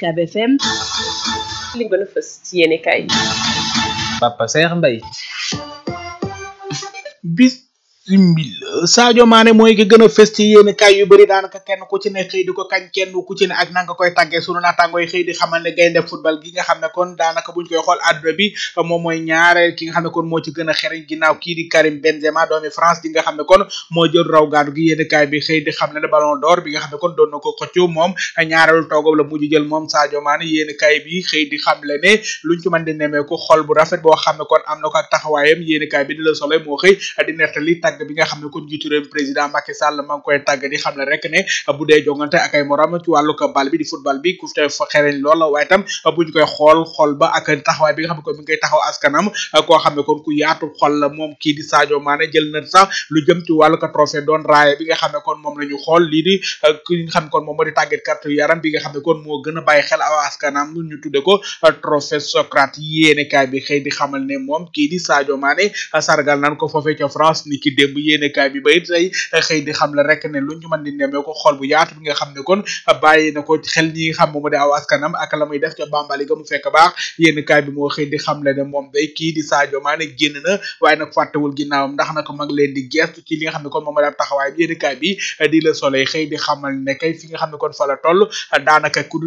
UCAB FM. li gën a fës ci yéene kaay. Papa Saer Mbaye. bis. simil Sadio Mané mooy ki gën a fës ci yéen yu bari daanaka kenn ku ci ne xëy di ko kañ kenn ku ci ne ak nanga koy tàggee sunu naataango yi xëy di xamal ne gaynde football gi nga ne kon daanaka buñ koy xool moom mooy ñaareel ki nga xam ne kon moo ci gën a xereñ ginnaaw kii di Karim Benzema doomi France nga xam ne kon moo jël raw gaadu gi yéen kaay xam ne ballon d'or bi xam ne kon doon na ko xëccu moom ñaareelu toogam la mujj jël moom Sadio Mané yéen kaay xëy di xam le ne luñ ci mën di nemmeeku xol bu rafet boo xam ne kon am na ko ak taxawaayam yéen kaay bi di la solo moo xëy di nettali tàgg bi nga xam ne kon njiitu réew président Macky Sall ma ngi koy tàgg di xam ne rek ne bu dee jongante ak ay morom ci wàllu ko bal bi di football bi ku te fa bi nga xam ne kon mi ngi koy taxaw askanam koo xam kon moom kii di Sadio Mané ko trophée doon raaye bi nga xam kon moom la ñu xool lii euh, ki nga kon moom moo di kartu yaram bi nga xam kon moo gën a bàyyi xel aw askanam ñu tudde ko euh, trophée Socrate yéene kaay bi xëy di xamal ne moom kii di Sadio a euh, sargal démb yéenekaay bi ba it tey xëy di xam la rek ne lu ñu mën di nemee ko xol bu yaatu bi nga xam ne kon bàyyi na ko xel ñi nga xam moom di ga mu bi moo xëy ne moom day kii di Sadio Mané génn na waaye nag nga xam ne kon moom daal taxawaay bi yéenekaay bi di Le Soleil xëy di xamal ne kay fi nga xam ne kon fa la toll daanaka ku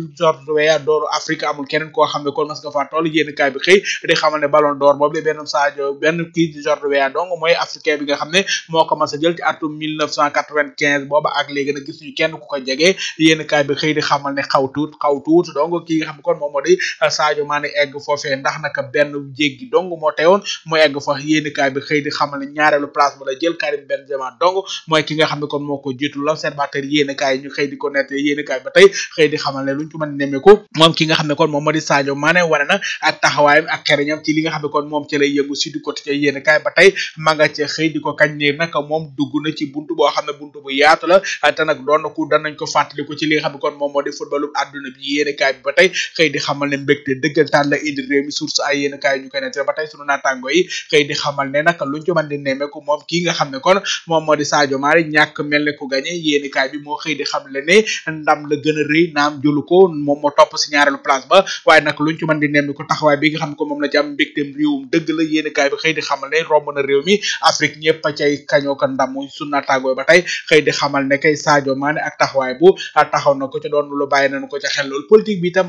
koo xam ne kon mas nga faa toll yéenekaay bi xëy di xamal ne ballon d'or boobu la benn Sadio benn kii di jortweya donc mooy africain bi nga xam ne moo ko mas a jël ci atum 1995 booba ak léegi nag gis ñu kenn ku ko jege yéen kaay bi xëy di xam kon moom moo di euh, Sadio Mané egg foofee ndax naka benn jéggi ba ko jiitu l'observateur yéen kaay ñu xëy di ko nette yéen kaay ba tey xëy di xamal ne luñ ci mën nemeeku moom moom moo di ko kañ nañ ni nag moom dugg na ci buntu boo xam buntu bu yaatu la te doon na ku danañ ko fàttaliku ci li nga xam ne kon moom moo di footballu àdduna bi ba tey xëy xamal ne mbégte dëggantaan la indi réew mi source ba tey sunu naataango yi xëy moom xam le ne ndam a rëy naam jëlu ko ci cay kañoo a ndamu su naataangoo ba tey xëy di xamal ne kay Sadio Mané ak taxawaay bu a na ko ca doon lu bàyyi nañ ko ca xel loolu politique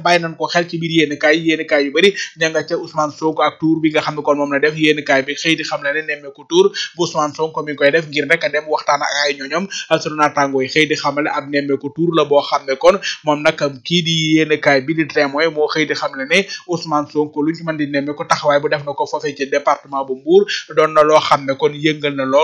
a na loo xam ne kon yëngal na lool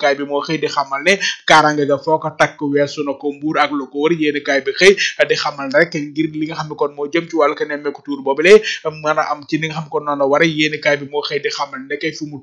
yéenekaay bi moo xëy di xamal ne kaaraange ga foo ko takk weesu na ko mbuur ak lu ko wër yéenekaay bi xëy di xamal rek ngir li nga xam ne kon moo jëm ci wàllu ko nemmeeku tuur boobule mën a am ci ni nga xam ne kon noonu wara yéenekaay bi moo xëy di xamal ne kay fu mu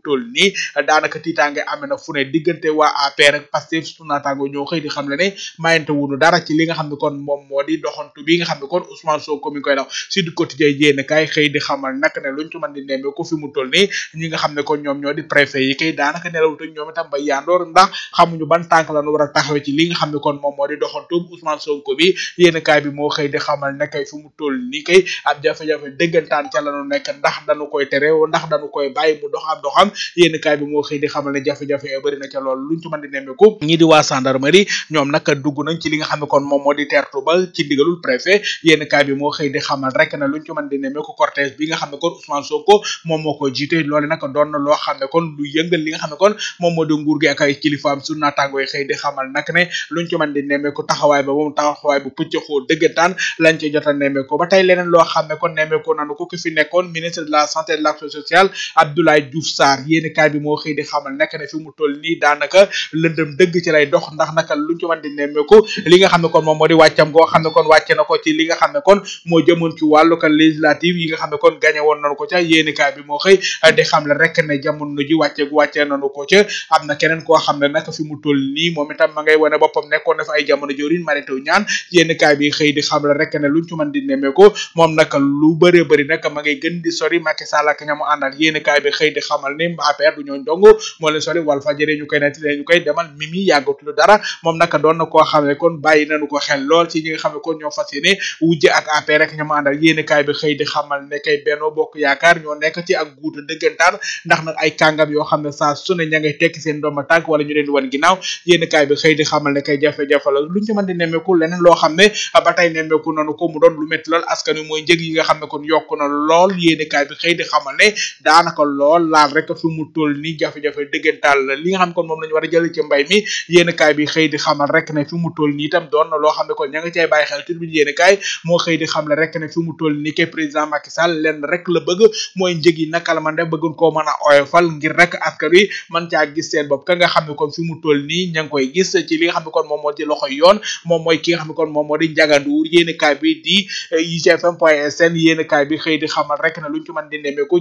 na fu ne diggante waa APR ak Pastef sunu xam ne mayante wuñu dara ci li nga xam ne kon moom moo di doxantu bi nga xam ne kon Ousmane Sonko xëy di xamal nag ne luñ ci mën di nemmeeku fi mu toll nii ñi nga xam ne ko ñoom ñoo di préfet yi kay daanaka nelawutuñ ñoom itam ba yaan door ndax xamuñu ban tànk la ñu war a taxaw ci li nga xam ne kon moom moo di doxantum Ousmane Sonko bi yéen kaay bi moo xëy di xamal ne kay fu mu toll nii kay ab jafe la ñu nekk ndax dañu koy tere ndax dañu koy bàyyi mu dox ab doxam yéen kaay bi moo xëy di xamal ne jafe-jafe ya bëri na ca loolu luñ ci mën di nemmeeku ñii di waa gendarmerie ñoom nag dugg nañ ci li nga xam ne kon moom moo di ba ci ndigalul préfet yéen bi moo xëy di xamal rek na luñ ci mën di nemmeeku cortège bi nga xam ne kon Ousmane Sonko moom moo ko jiite loole nag doon na loo xam ne kon lu yëngal li nga xam ne kon moom moo di nguur gi ak ay kilifaam su naataangoo yi xëy di xamal nag ne luñ ci di nemmeeku taxawaay ba moom taxawaay bu pëccëxoo dëggantaan lañ ci jot a nemmeeku ba tey leneen loo xam ne kon nemmeeku nanu ko ki fi nekkoon ministre de la santé et de l'action sociale Abdoulaye Diouf Sarr yéeni kaay bi moo xëy di xamal nag ne fi mu toll nii daanaka lëndëm dëgg ci lay dox ndax naka luñ ci di nemmeeku li nga xam kon moom moo di wàccam goo xam ne kon wàcce na ko ci li nga xam ne kon moo jëmoon ci wàllu kan législative yi ne kon gagné woon nanu ko ca yéeni kaay bi moo xëy di xam le ko keneen koo xam ne nag fi mu toll nii moom itam ma ngay wane boppam nekkoon na fa ay jamono joorin Mary Teuw Niane kaay bi xëy xamal na koo xam ne kon bàyyi nañu ko xel lool ci ñi nga xam ne kon ñoo fas yéene wujje ak APR ak ñamu àndal yenn kaay bi xëy di xamal ne kay Benno Bokk Yaakaar ñoo nekk ci ak guuta dëggantaan ndax nag ay kàngam yoo xam ne saa su ne tekki seen doom tànk wala ñu leen wan ginnaaw yéen kaay bi xëy di xamal ne kay jafe-jafe la luñ ci mën di nemmeeku leneen loo xam ne ah, ba tey nemmeeku nanu ko mu doon lu métti lool askan na lool yéen kaay bi xëy di xamal ne daanaka lool laal rek fi mu toll nii jafe-jafe la li nga a jël ci na la bëgg mooy njëg yi naka la man def bëggun koo mën a oyofal gis seen bopp nga xam ne fi mu toll nii ña koy gis ci li moo di loxo yoon moom mooy ki nga xam ne kon moom moo di kaay bi di eh, igfm point sn rek na luñ ci mën di nemmeeku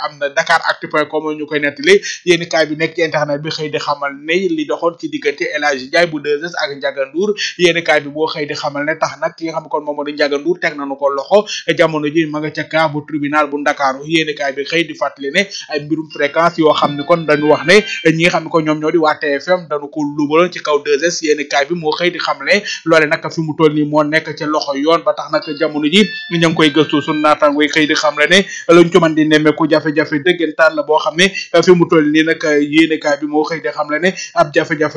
am na dakaractu point com ñu koy nettali yéen kaay bi nekk ci internet ne li doxoon ci diggante El Hadji Ndiaye bu 2S ak njaganduur yéen kaay bi boo xëy di xamal ne tax nag ki nga xam ne kon moom moo di njaganduur teg nañu ko loxo jamono ji ma nga ca kaa bu tribunal bu ndakaaru yéen kaay bi xëy di fàttali ne ay mbirum fréquence yoo xam ne kon dañu wax ne ñi nga ñoom ñoom ñoo di waa TFM dañu ko luubaloon ci kaw 2S kaay bi moo xëy di xam ne loole nag fi mu toll nii moo nekk ca loxo yoon ba tax nag jamono ji ñu ngi koy gëstu suñu naataangoy xëy di xam le ne ci mën di bi moo xëy di xam le ne ab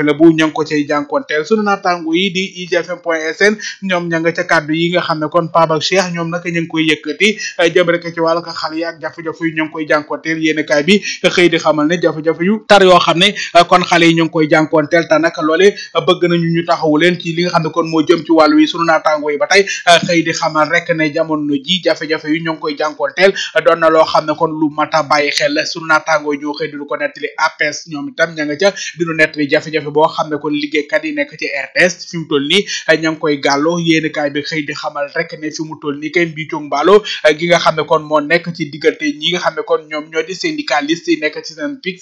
la bu ña ngi ko cay jànkonteel suñu naataango yi di igfm point sn ñoom ña nga ca kàddu yi nga xam ne kon Pape ak Cheikh ñoom nag a ngi koy yëkkati a rek ci wàllu xale yi ak jafe-jafe yu ña ngi koy jànkonteel yéeni kaay bi xëy di xamal ne jafe-jafe yu tar xam ne kon xale yi ñu ngi koy jànkoonteel te nag loole bëgg nañu ñu taxawu leen ci li xam ne kon moo jëm ci wàllu yi sunu naataango yi ba tey ah, xëy di xamal rek ne jamono ji ngi koy jànkoonteel doon na loo xam ne kon lu mat a bàyyi xel sunu naataango yi ñoo xëy diñu ko nettali APS ñoom itam ña nga ca diñu nettali jafe boo xam ne kon liggéeykat yi nekk ci RTS fi mu toll nii ah, ña ngi koy gàlloo yéenekaay bi xëy di xamal rek ne fi mu toll nii kay mbiicog mbaalo ah, gi nga xam ne kon moo nekk ci diggante ñi nga xam ne kon ñoom ñoo di syndicaliste yi nekk ci seen pix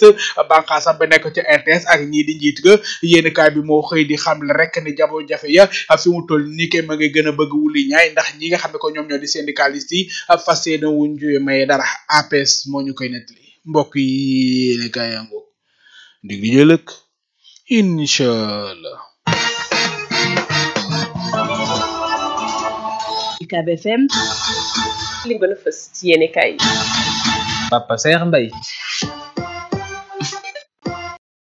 banqaasam ba nekk ci RTS ak ñii di njiit ga yéen kaay bi moo xëy di xam le rek ne jabo jafe ya fi mu toll nii kay ma nga gën a bëgg wuli ñaay ndax ñi nga xam ne ko ñoom ñoo di syndicaliste yi fas yéene wuñ juye maye dara APS moo ñu koy nettali mbokk yi yéen li gën a kaay Papa Saer Mbaye